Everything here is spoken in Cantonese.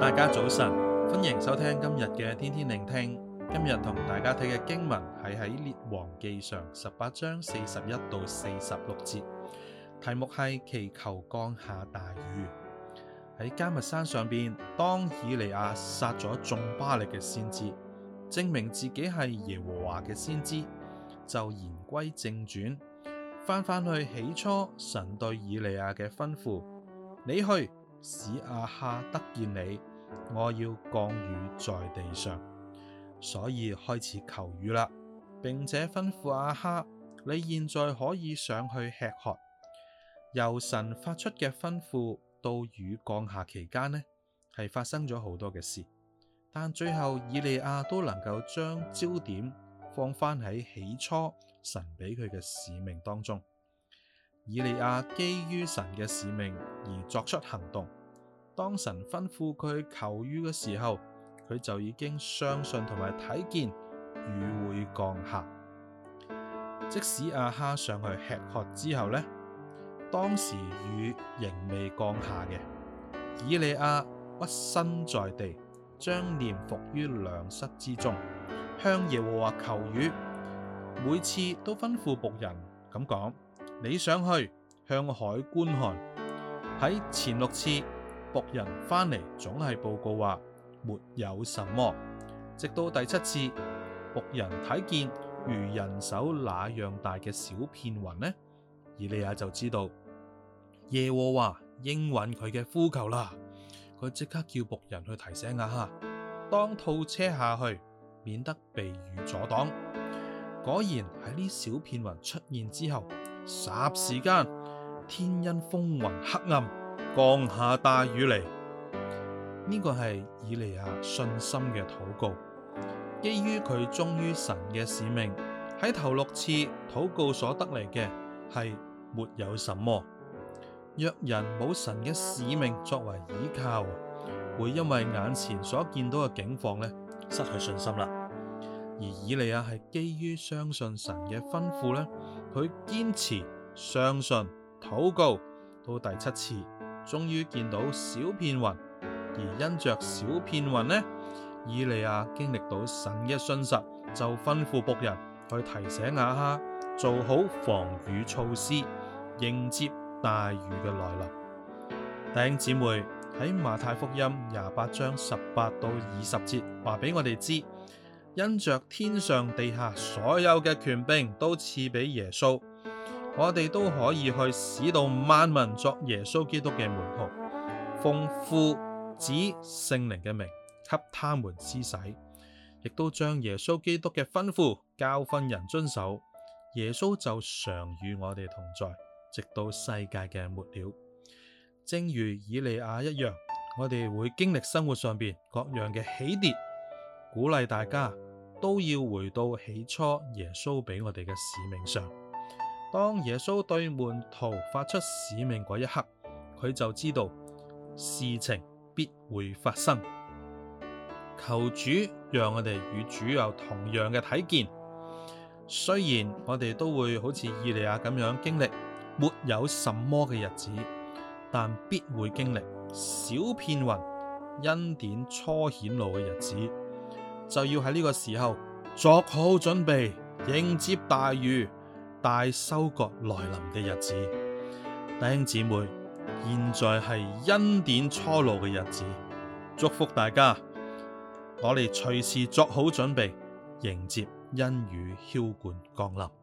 大家早晨，歡迎收聽今日嘅天天靈聽。今日同大家睇嘅經文係喺列王記上十八章四十一到四十六節，題目係祈求降下大雨。喺迦密山上邊，當以利亞殺咗眾巴力嘅先知，證明自己係耶和華嘅先知，就言歸正傳，返返去起初神對以利亞嘅吩咐：你去，使亞哈得見你。我要降雨在地上，所以開始求雨啦，並且吩咐亞哈，你現在可以上去吃喝。由神發出嘅吩咐到雨降下期間呢，係發生咗好多嘅事，但最後以利亞都能夠將焦點放翻喺起初神俾佢嘅使命當中。以利亞基於神嘅使命而作出行動。當神吩咐佢求雨嘅時候，佢就已經相信同埋睇見雨會降下。即使亞哈上去吃喝之後呢，當時雨仍未降下嘅。以利亞屈身在地，將臉伏於兩膝之中，向耶和華求雨。每次都吩咐僕人咁講：你上去，向海觀看。喺前六次。僕人翻嚟總係報告話，沒有什麼。直到第七次，僕人睇見如人手那樣大嘅小片雲呢，以利亞就知道耶和華應允佢嘅呼求啦。佢即刻叫僕人去提醒亞哈，當套車下去，免得被雨阻擋。果然喺呢小片雲出現之後，霎時間天因風雲黑暗。降下大雨嚟，呢個係以利亞信心嘅禱告，基於佢忠於神嘅使命喺頭六次禱告所得嚟嘅係沒有什麼。若人冇神嘅使命作為依靠，會因為眼前所見到嘅境況咧失去信心啦。而以利亞係基於相信神嘅吩咐咧，佢堅持相信禱告到第七次。終於見到小片雲，而因着小片雲呢，以利亞經歷到神嘅信實，就吩咐僕人去提醒亞哈做好防雨措施，迎接大雨嘅來臨。弟兄姊妹喺馬太福音廿八章十八到二十節話畀我哋知，因着天上地下所有嘅權柄都賜俾耶穌。我哋都可以去使到萬民作耶穌基督嘅門徒，奉父子聖靈嘅名，給他們施洗，亦都將耶穌基督嘅吩咐教訓人遵守。耶穌就常與我哋同在，直到世界嘅末了。正如以利亞一樣，我哋會經歷生活上邊各樣嘅起跌，鼓勵大家都要回到起初耶穌給我哋嘅使命上。當耶穌對門徒發出使命嗰一刻，佢就知道事情必會發生。求主讓我哋與主有同樣嘅睇見，雖然我哋都會好似以利亞咁樣經歷沒有什麼嘅日子，但必會經歷小片雲、恩典初顯露嘅日子，就要喺呢個時候作好準備迎接大雨。大收割來臨嘅日子。弟兄姊妹，現在係恩典初露嘅日子，祝福大家，我哋隨時作好準備，迎接恩雨澆灌降臨。